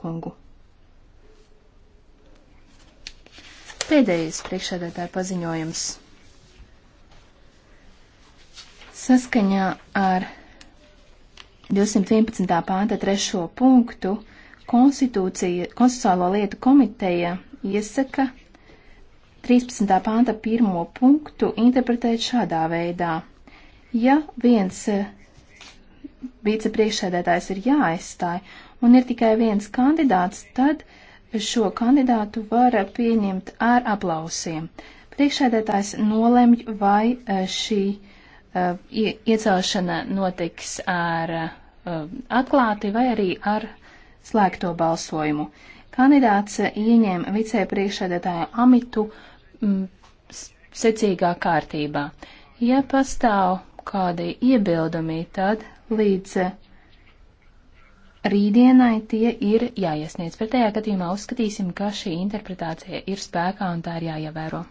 kungu. Pēdējais priekšsēdētāja paziņojums. Saskaņā ar 211. pānta trešo punktu Konstitucionālo lietu komiteja iesaka 13. pānta pirmo punktu interpretēt šādā veidā. Ja viens vicepriekšsēdētājs ir jāaizstāj un ir tikai viens kandidāts, tad šo kandidātu var pieņemt ar aplausiem. Priekšsēdētājs nolemj, vai eh, šī eh, iecelšana notiks ar eh, atklāti vai arī ar slēgto balsojumu. Kandidāts ieņem vicepriekšsēdētāju amatu mm, secīgā kārtībā. Ja pastāv kādi iebildumi, tad līdz eh, rītdienai tie ir jāiesniedz. Pretējā gadījumā uzskatīsim, ka šī interpretācija ir spēkā un tā ir jāievēro.